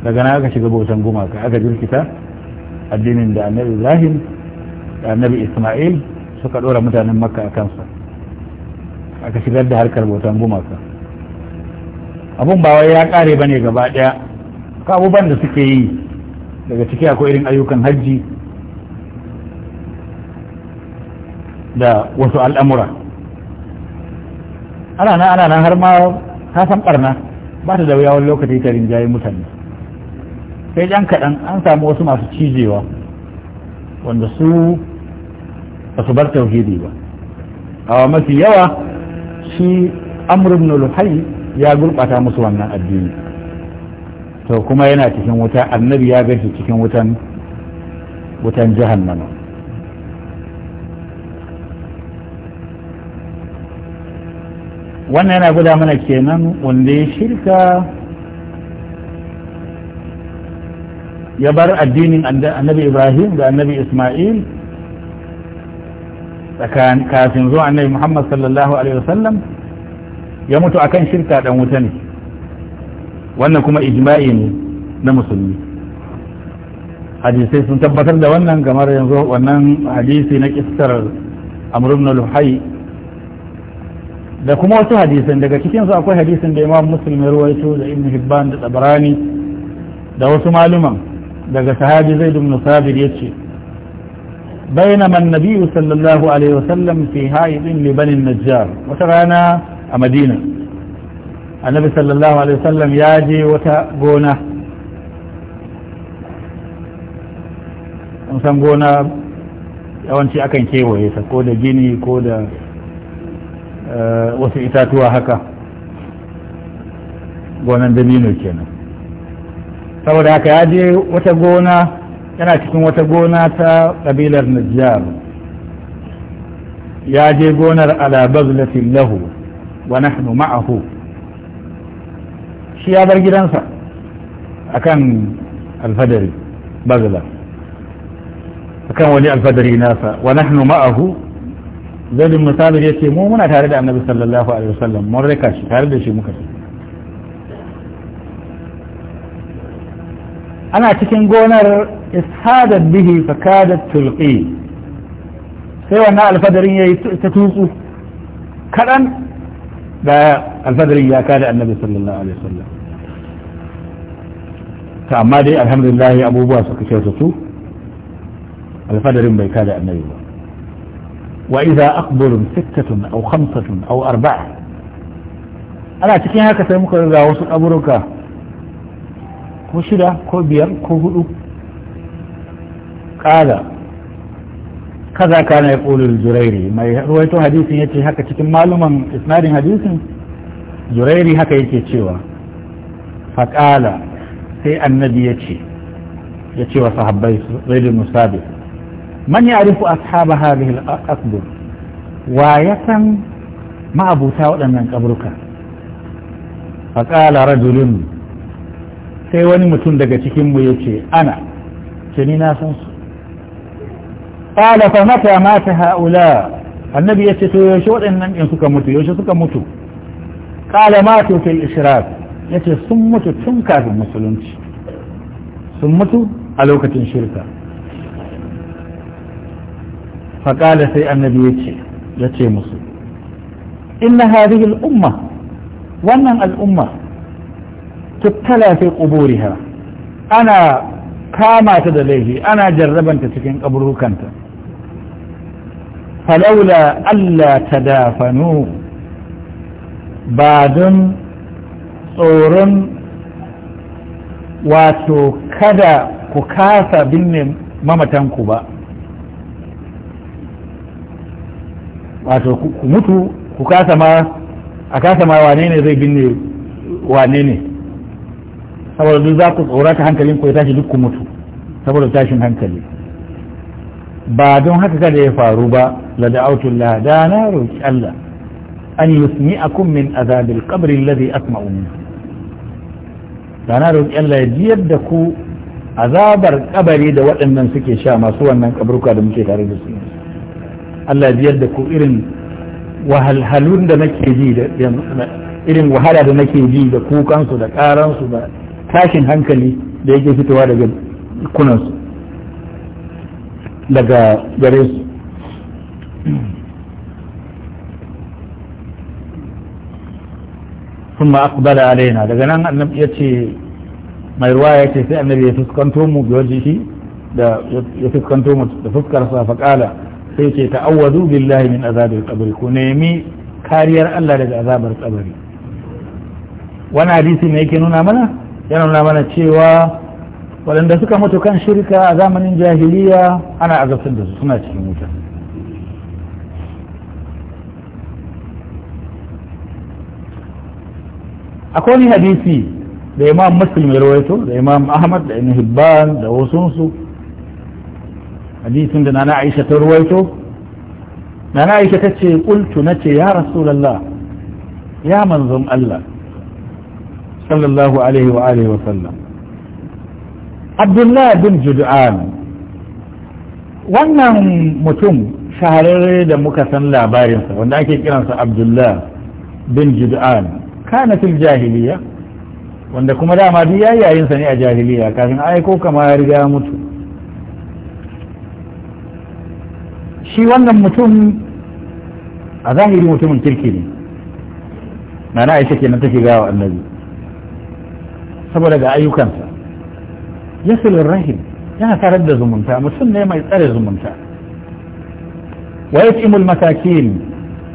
daga na aka shiga bautan gumaka aka jirkita addinin da annabi ibrahim da annabi isma'il suka ɗora mutanen makka a kansa aka shigar da harkar bautan gumaka abun ba wai ya ƙare ba ne gaba ɗaya abubuwan da suke yi daga ciki akwai irin ayyukan hajji da wasu al'amura ana nan ana nan har ma ka san barna ba ta da wuya wani lokaci ta rinjaye mutane sai ɗan kaɗan an samu wasu masu cijewa wanda su ba su bar tauhidi ba a mafi yawa shi amr ibn luhai ya gurɓata musu wannan addini to kuma yana cikin wuta annabi ya gashi cikin wutan wutan jahannama wannan yana guda mana kenan wanda ya shirka ya bar addinin annabi ibrahim da annabi ismail kafin zuwa annabi muhammad sallallahu alaihi wasallam ya mutu akan shirka dan wuta ne wannan kuma ijma'i ne na musulmi hadisai sun tabbatar da wannan kamar yanzu wannan hadisi na kistar Amurin ibn luhai da kuma wasu hadisan daga cikinsu akwai hadisin da imam muslim ya ruwaito da ibn hibban da tsabarani da wasu maluman daga sahabi zaid ibn sabir yace بينما النبي صلى الله عليه وسلم في هائد لبني النجار وترانا مدينة النبي صلى الله عليه وسلم ياجي وتقونا san gona yawanci akan kewaye ta ko da gini ko da wasu itatuwa haka gonan dabino kenan saboda haka ya je wata gona yana cikin wata gona ta ƙabilar najjar ya je gonar alabazlatin lahu wa nahnu ma'ahu shi ya bar gidansa akan alfadari bazla akan wani alfadari nasa wa nahnu ma'ahu zaid ibn sabir yace mu muna tare da annabi sallallahu alaihi wasallam mun rika shi tare da shi muka shi ana cikin gonar ishadat bihi fakadat tulqi sai wannan alfadarin yayi ta tutsu kadan da alfadarin ya kada annabi sallallahu alaihi wasallam ta amma dai alhamdulillah abubuwa suka kyautatu alfadarin bai kada annabi ba وإذا أقبل ستة أو خمسة أو أربعة أنا تكين هكذا ممكن إذا وصل أبرك ko shida ko biyar ko hudu kada kaza na ya ƙolul jurairi mai ruwaito hadisin ya ce haka cikin maluman isnadin hadisin jurairi haka yake cewa faƙala sai annabi ya ce ya ce wa sahabbai zai musabit man ya'rifu ashaba hadhihi al-aqbur wa yasan ma'abuta waɗannan kaburka faqala rajulun sai wani mutum daga cikin mu yace ana ce ni na san su qala fa mata mata haula annabi yace to yaushe waɗannan din suka mutu yaushe suka mutu qala matu fil ishraq yace sun mutu tun kafin musulunci sun mutu a lokacin shirka faƙala sai annabi ya ce ya ce musu inna hadhihi al'umma wannan al'umma tuttala fi quburiha ana kama ta da laifi ana jarrabanta cikin kaburukanta falaula alla tadafanu ba don tsoron wato kada ku kasa binne mamatanku ba wato ku mutu ku kasa ma a kasa ma wane ne zai binne wane ne saboda duk za ku tsorata hankalin ku ya tashi duk ku mutu saboda tashin hankali ba don haka kada ya faru ba la da'autullah da na roki Allah an yusmi'akum min azabil qabri alladhi asma'u minhu da na roki Allah ya jiyar da ku azabar kabari da waɗannan suke sha masu wannan kaburka da muke tare da su Allah biyar yadda ku irin wahalhalun da nake ji da irin wahala da nake ji da kukansu da karansu da tashin hankali da yake fitowa daga kunansu daga gare su ثم أقبل علينا daga nan annabi ya ce mai ruwa ya ce sai annabi ya fuskanto mu da wajihi da ya fuskanto mu da fuskar fuskarsa faƙala sai ce ta'awwadu billahi min azabil qabri ku nemi kariyar Allah daga azabar kabari wani hadisi ne yake nuna mana yana nuna mana cewa waɗanda suka mutu kan shirka a zamanin jahiliya ana azabtar da su suna cikin wuta akwai wani hadisi da imam muslim ya rawaito da imam ahmad da ibn hibban da wasunsu hadisin da na aisha ta ruwaito Na aisha ta ce kultu na ce ya rasulallah ya manzon Allah sallallahu alaihi wa alihi wa sallam abdullahi bin jud'an wannan mutum shahararre da muka san labarinsa wanda ake kiransa Abdullahi bin jud'an kana fil jahiliya wanda kuma dama duk yayin sa ne a jahiliya kafin aiko kama ya riga mutu shi wannan mutum a zahiri mutumin kirki ne na na aisha kenan take gawa annabi saboda ga ayyukansa yasilin rahim yana tarar da zumunta mutum ne mai tsare zumunta wa yatimul matakin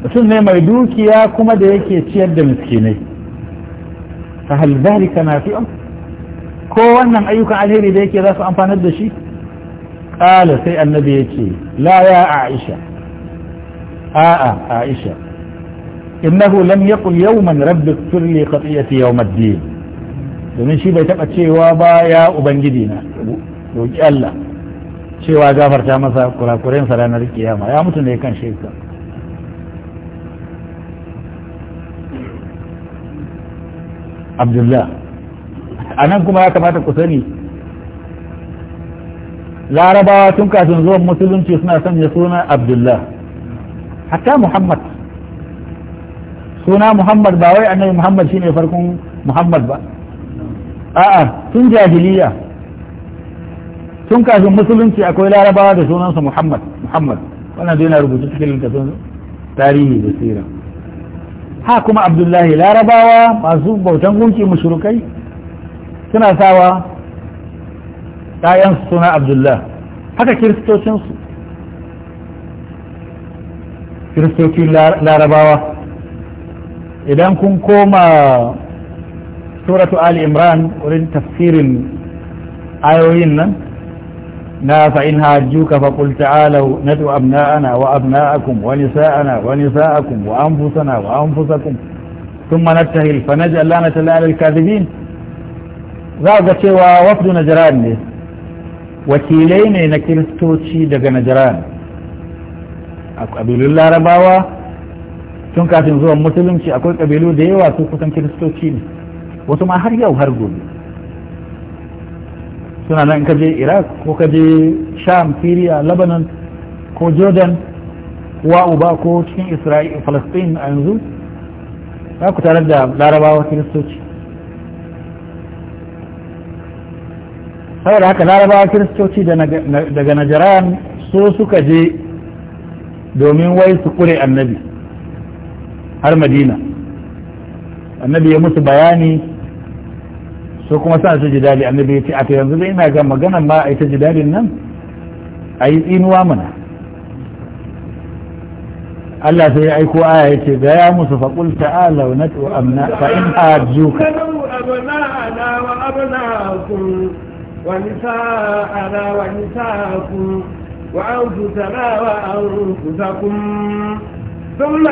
mutum ne mai dukiya kuma da yake ciyar da miskinai fa hal zalika nafi'un ko wannan ayyukan alheri da yake za su amfanar da shi ƙala sai annabi ya ce la ya aisha a'a aisha innahu lam yaqul yawman rabbi ighfir li khati'ati yawm ad-din domin shi bai taba cewa ba ya ubangiji na roki Allah cewa gafarta masa kurakuren sa ranar kiyama ya mutu ne kan shirka Abdullah anan kuma ya kamata ku sani larabawa tun kafin zuwan musulunci suna sanya suna abdullah hatta muhammad suna muhammad ba wai annabi muhammad shine farkon muhammad ba a'a tun jahiliya tun kafin musulunci akwai larabawa da sunansa muhammad muhammad wannan zai na rubuta cikin littafin tarihi da sira ha kuma abdullahi larabawa masu bautan gunki mushrikai suna sawa ɗayansu suna abdullah haka kiristocinsu kiristocin larabawa idan kun koma suratu ali imran wurin tafsirin ayoyin nan na fa'in ka faƙul ta'alau na tu abna'ana wa abna'akum wa nisa'ana wa nisa'akum wa anfusana wa anfusakum ثم نبتهل فنجعل لعنة الله على الكاذبين za ga cewa wafdu na jiran ne wakilai ne na kiristoci daga najiran a ƙabilun larabawa tun kafin zuwan musulunci akwai ƙabilu da yawa su kusan kiristoci ne wasu ma har yau har gobe suna nan ka je iraq ko ka je sham syria lebanon ko jordan wa uba ko cikin isra'il falastin a yanzu za ku tarar da larabawa kiristoci saboda haka larabawa kiristoci daga najaran so suka je domin wai su kure annabi har madina annabi ya musu bayani so kuma sa su dadi annabi ya ce a yanzu zai ina ga maganan ma a ita dadin nan a yi tsinuwa mana Allah sai ya aiko aya ya ce ga ya musu faƙul ta'ala wa nat'u amna fa in ajuka ونساءنا ونساءكم وأنفسنا وأنفسكم ثم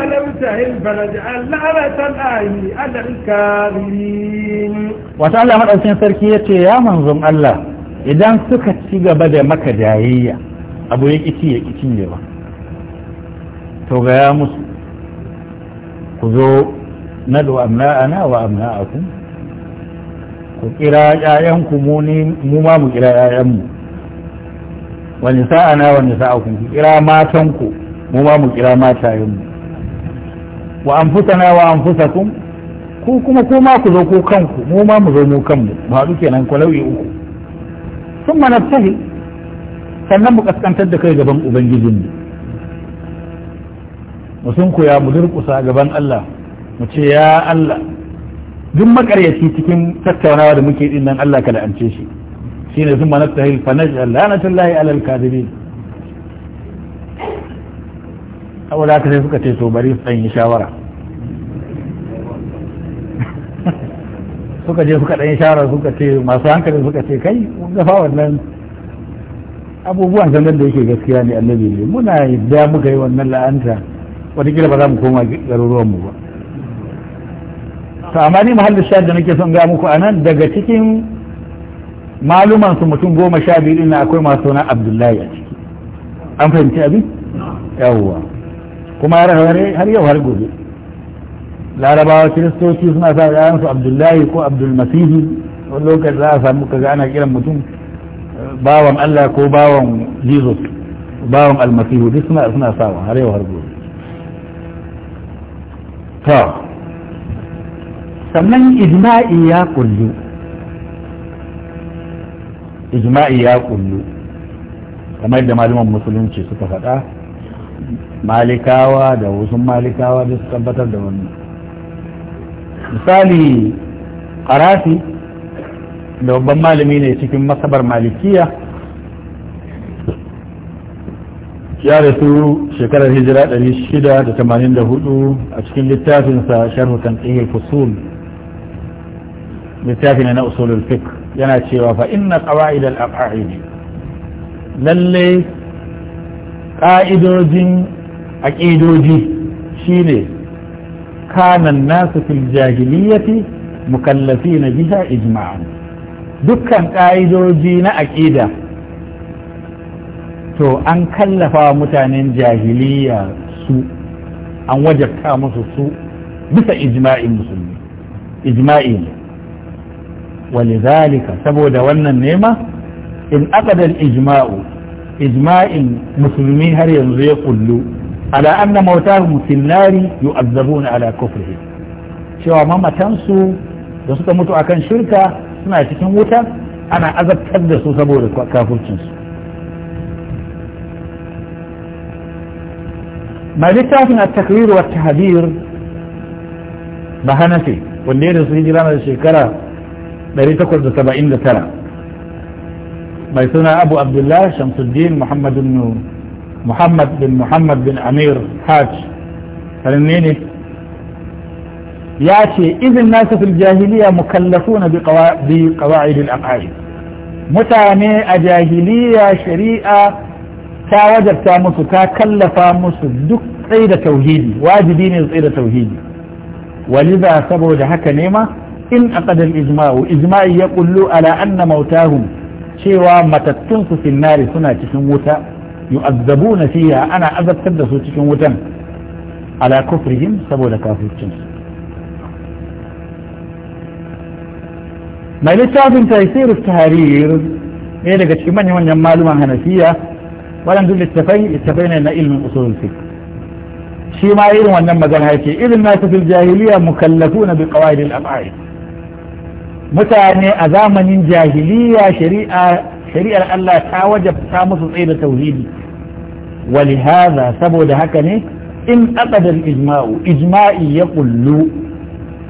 تهل فنجعل لعنة الله على الكاذبين وتعالى مرأسين تركية يا منظم الله إذا سكت سيقى gaba مكة جاهية أبو abu ya ƙici توقع يا مسلم ba ندو gaya musu ku kira ƴaƴanku mu ne mu ma mu kira ƴaƴanmu wa nisa'ana wa nisa'akum ku kira matanku mu ma mu kira matayenmu wa anfusana wa anfusakum ku kuma ku ma ku zo ku kanku mu ma mu zo mu kanmu mu haɗu kenan kwalawi uku sun mana tahi sannan mu kaskantar da kai gaban ubangijinmu mu sun ku ya mu durƙusa gaban Allah mu ce ya Allah duk makaryaci cikin tattaunawa da muke din nan Allah ka la'ance shi shine sun ma nastahil fa naj'al lanatullahi alal kadibin saboda haka sai suka ce to bari san yi shawara suka je suka yi shawara suka ce masu hankali suka ce kai gafa wannan abubuwan sandan da yake gaskiya ne annabi ne muna yadda muka yi wannan la'anta wataƙila ba za mu koma garuruwan mu ba to amma ni mahallin shahid da nake son ga muku anan daga cikin maluman su mutum goma sha biyu din akwai masu suna Abdullahi a ciki an fahimci abin yawwa kuma har yau har gobe larabawa kiristoci suna sa su abdullahi ko abdulmasihi wani lokaci za a samu kaga ana kiran mutum eh, bawan allah ko bawan jesus bawan almasihu duk suna suna sawa har yau har gobe to sannan ijma'i ya kullu ijma'i ya kullu kamar da malaman musulunci suka faɗa malikawa da wasu malikawa da su tabbatar da wannan misali karafi da babban malami ne cikin masabar malikiya ya rasu shekarar hijira 684 a cikin littafinsa sharhu tanqihil fusul لتافنا نأصل الفكر يناتشي وفإن قوائد الأقاعد للي قائد جن أكيد جن شيني كان الناس في الجاهلية مكلفين بها إجماعا دكا قائد جن أكيد تو أن كلفا متان جاهلية سوء أن وجبتا مصر سوء بس إجماع المسلمين إجماعي ولذلك سبود ون النيمة إن أقد الإجماع إجماع مسلمين هل ينزي قلو على أن موتاهم في النار يؤذبون على كفرهم شوى ماما تنسو دسوك متو أكن شركة سنة تكن وتا أنا أذب تدسو سبود كافر تنسو ما لتعرفنا التكرير والتحذير بهنفي والليل سيدي لنا الشكرة ما يسونا أبو عبد الله شمس الدين محمد بن محمد بن محمد بن أمير حاج فلنيني ياتي إذ الناس في الجاهلية مكلفون بقواعد الأقعاد متعني أجاهلية شريئة تاوجب تامسو تاكلف مسو دك قيد توهيدي واجبين قيد توهيدي ولذا سبوج هكا نيمة إن أقد الإجماع إجماع يقول له ألا أن موتاهم شيرا متتنس في النار هنا تشموتا يؤذبون فيها أنا أذب كدس تشموتا على كفرهم سبو لكافر تشموتا ما لتعب انت يصير التحرير إيه لقد كمان يمن يمالو ما هنا فيها ولن دل التفين التفين إن علم أصول الفكر شيء ما يرون أن مثلا هاي شيء إذن ناس في الجاهلية مكلفون بقواعد الأبعاد mutane a zamanin jahiliya shari'ar Allah ta wajabta musu tsaida da tauhidi walihaza saboda haka ne in aqada al-ijma'u ijma'i ya kullu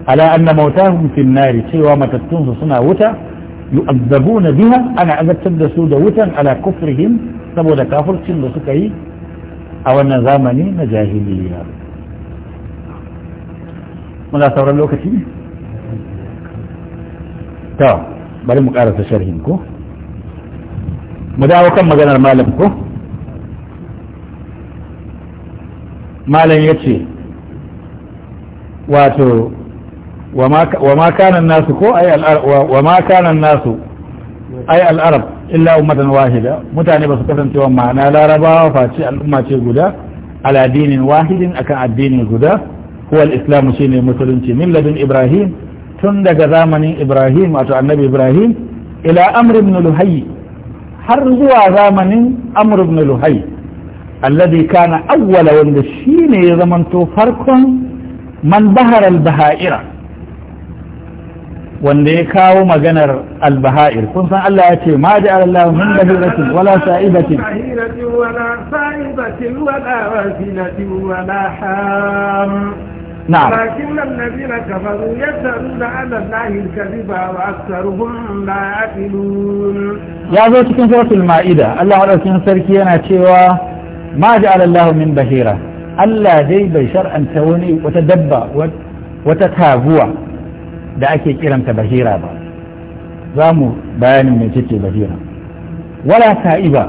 ala anna mautahum fi an-nar cewa matattun suna wuta yu'azzabuna biha ana azabtar da su da wutan ala kufrihim saboda kafircin da suka yi a wannan zamani na jahiliya muna sauran lokaci to bari mu karasa sharhin ko mu dawo kan maganar malam ko malam ya ce wato wa ma kanan nasu ko wa ma kanan nasu ai al'arab illa ummatan wahida mutane ba su kasance wa ma'ana larabawa face al'umma ce guda ala dinin wahidin akan addinin guda huwa al-islam shine musulunci min ladin ibrahim tun daga zamanin ibrahim wato annabi ibrahim ila amr ibn har zuwa zamanin amr ibn luhayy alladhi kana awwala wanda shine ya zamanto farkon man bahara al-baha'ira wanda ya kawo maganar al-baha'ir kun san Allah ya ce ma ja'ala Allah min bahiratin wala sa'ibatin wala sa'ibatin wala wasinatin wala ham نعم لكن الذين كفروا على الله الكذب لا يعقلون يا cikin suratul ma'ida Allah madaukakin sarki yana cewa ma ja'ala Allah min bahira Allah dai bai shar'anta wani wata dabba wata taguwa da ake kiranta bahira ba za mu bayanin mai cike bahira wala sa'iba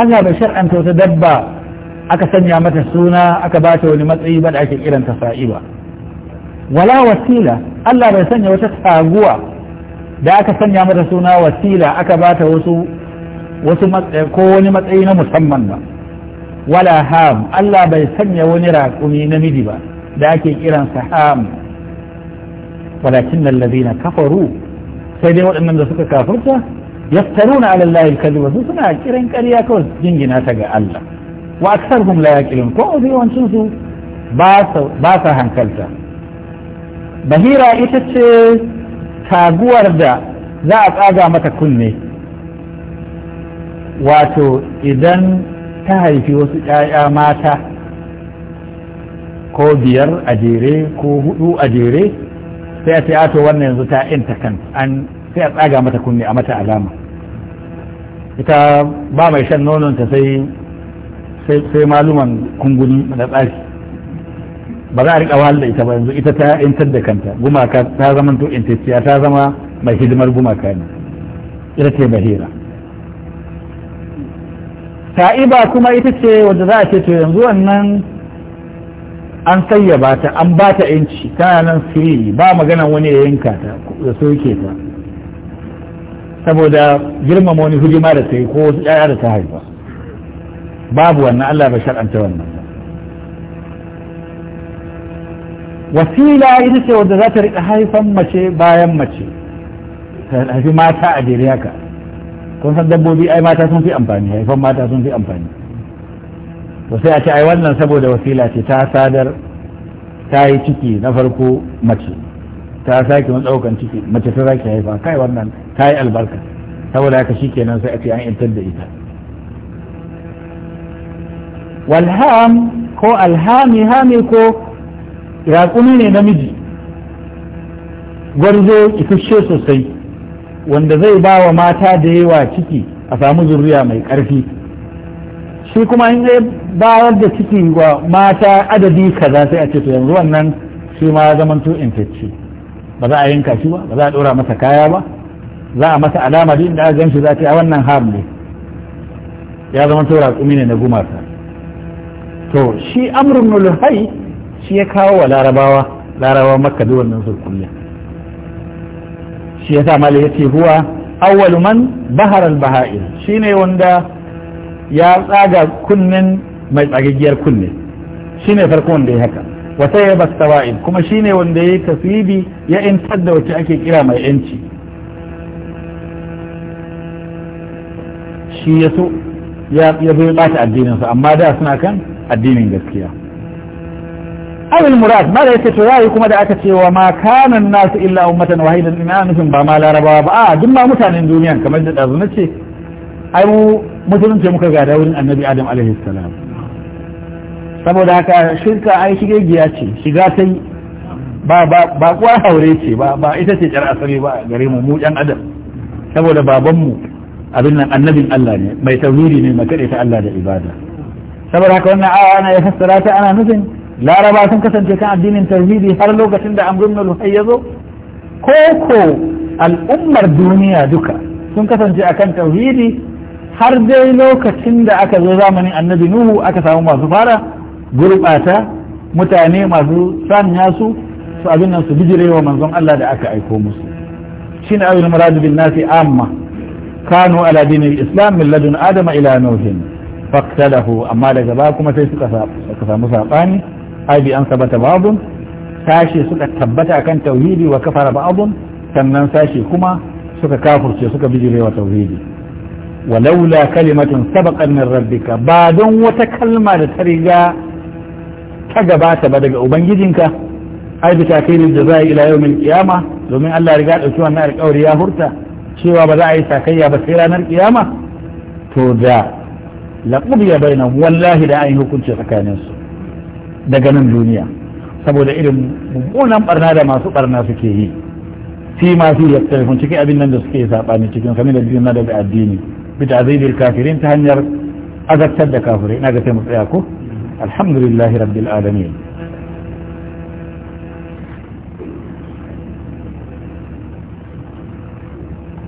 Allah bai shar'anta wata dabba aka sanya mata suna aka ba ta wani matsayi ba da ake kiranta wala wasila Allah bai sanya wata taguwa da aka sanya mata suna wasila aka ba ta wasu wasu ko wani matsayi na musamman ba wala ham Allah bai sanya wani raƙumi namiji ba da ake kiransa ham walakin allazina kafaru sai dai waɗannan da suka kafarta, yaftaruna ala allahi kadhiba su suna kiran ƙarya kawai jingina ta ga Allah wa aksarhum la yaqilun ko zai wancin su ba sa hankalta bahira ita ce taguwar da za a tsaga mata kunne wato idan ta haifi wasu ‘ya'ya mata ko biyar a jere ko hudu a jere sai a ce ato wannan yanzu ta inta kan an sai a tsaga mata kunne a mata alama ita ba mai shan nononta sai sai maluman kunguni na tsari ba za a riƙa wahala da ita ba yanzu ita ta yantar da kanta gumaka ta zama to intestiya ta zama mai hidimar gumaka ne ita ce bahira ta'iba kuma ita ce wadda za a ce to yanzu wannan an sayyaba ta an ba ta yanci tana nan siriri ba magana wani ya yanka ta ya soke ta saboda girmama wani hujima da ta yi ko wasu 'ya'ya da ta haifa babu wannan Allah bai shar'anta wannan wasila ita ce wadda za ta riƙa haifan mace bayan mace ta haifi mata a jere haka kun san dabbobi ai mata sun fi amfani haifan mata sun fi amfani to sai a ce ai wannan saboda wasila ce ta sadar ta yi ciki na farko mace ta sake wani ɗaukan ciki mace ta sake haifa kai wannan ta yi albarka saboda haka shi kenan sai a ce an intar da ita walham ko alhami hami ko raƙumi ne namiji gwarzo ikushe sosai wanda zai ba wa mata da yawa ciki a samu zuriya mai ƙarfi shi kuma in zai bayar da ciki wa mata adadi kaza sai a ce to yanzu wannan shi ma ya zamanto intacce ba za a yanka shi ba ba za a ɗora masa kaya ba za a masa alama duk inda a gan shi za a ce a wannan har ne ya to raƙumi ne na gumasa to shi amrun nulhai shi ya kawo wa larabawa larabawa makka da wannan zulkulla shi ya sa mali yace huwa awwalu man bahar al baha'ir shine wanda ya tsaga kunnen mai tsagaggiyar kunne shine farko wanda ya haka wa ya sawa'il kuma shine wanda ya tasiri ya intar da wacce ake kira mai yanci shi ya so ya zo ya bata addininsa amma da suna kan addinin gaskiya abin murad ma da yake to yayi kuma da aka ce wa ma kana nasu illa ummatan wahidan ina nufin ba ma larabawa ba a ah, duk ma mutanen duniya kamar da dazu nace ai mu musulunci muka gada wurin annabi adam alaihi salam saboda haka shirka ai shige giya ce shiga sai ba ba ba kuwa haure ce ba ba ita ce jar asali ba gare mu mu yan adam saboda babanmu abin nan annabin Allah ne mai tauhidi ne mai ta Allah da ibada saboda haka wannan aya ana ya fassara ta ana nufin laraba sun kasance kan addinin tauhidi har lokacin da amrun luhai ya zo ko ko al'ummar duniya duka sun kasance akan tauhidi har dai lokacin da aka zo zamanin annabi nuhu aka samu masu fara gurbata mutane masu sanya su su abin nan su bijirewa manzon Allah da aka aiko musu shine abin muradu bin nasi amma kanu ala islam min ladun adama ila nuhin faktalahu amma daga ba kuma sai suka samu saɓani ai bi an sabata ba'dun sashi suka tabbata kan tauhidi wa kafara ba'dun sannan sashi kuma suka kafurce suka bijire wa tauhidi walaula kalimatun sabaqat min rabbika ba don wata kalma da ta riga ta gabata ba daga ubangijinka ai bi takirin jazai ila yawmin qiyama domin Allah riga dauki wannan alƙawari ya hurta cewa ba za a yi sakayya ba sai ranar kiyama to da laqudiya bainahum wallahi da ayi hukunci tsakanin su daga nan duniya saboda irin mummunan barna da masu barna suke yi fi ma fi yaktarifun cikin abin nan da suke saɓani cikin sami da dinin da addini bi bil kafirin ta hanyar azabtar da kafirai ina ga sai mu tsaya ko alhamdulillahi rabbil alamin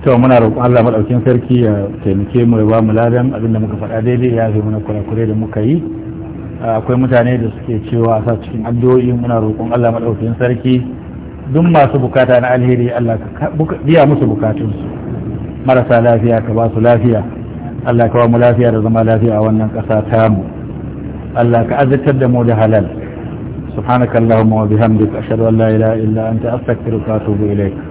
to muna roƙon Allah madaukin sarki ya taimake mu ya ba mu ladan abin da muka faɗa daidai ya zo mana kurakure da muka yi akwai mutane da suke cewa a sa cikin addu'o'i muna roƙon Allah madaukin sarki duk masu bukata na alheri Allah ka biya musu bukatunsu marasa lafiya ka ba su lafiya Allah ka ba mu lafiya da zama lafiya a wannan ƙasa tamu Allah ka azurtar da mu da halal subhanakallahumma wa bihamdika ashhadu an la ilaha illa anta astaghfiruka wa atubu ilaik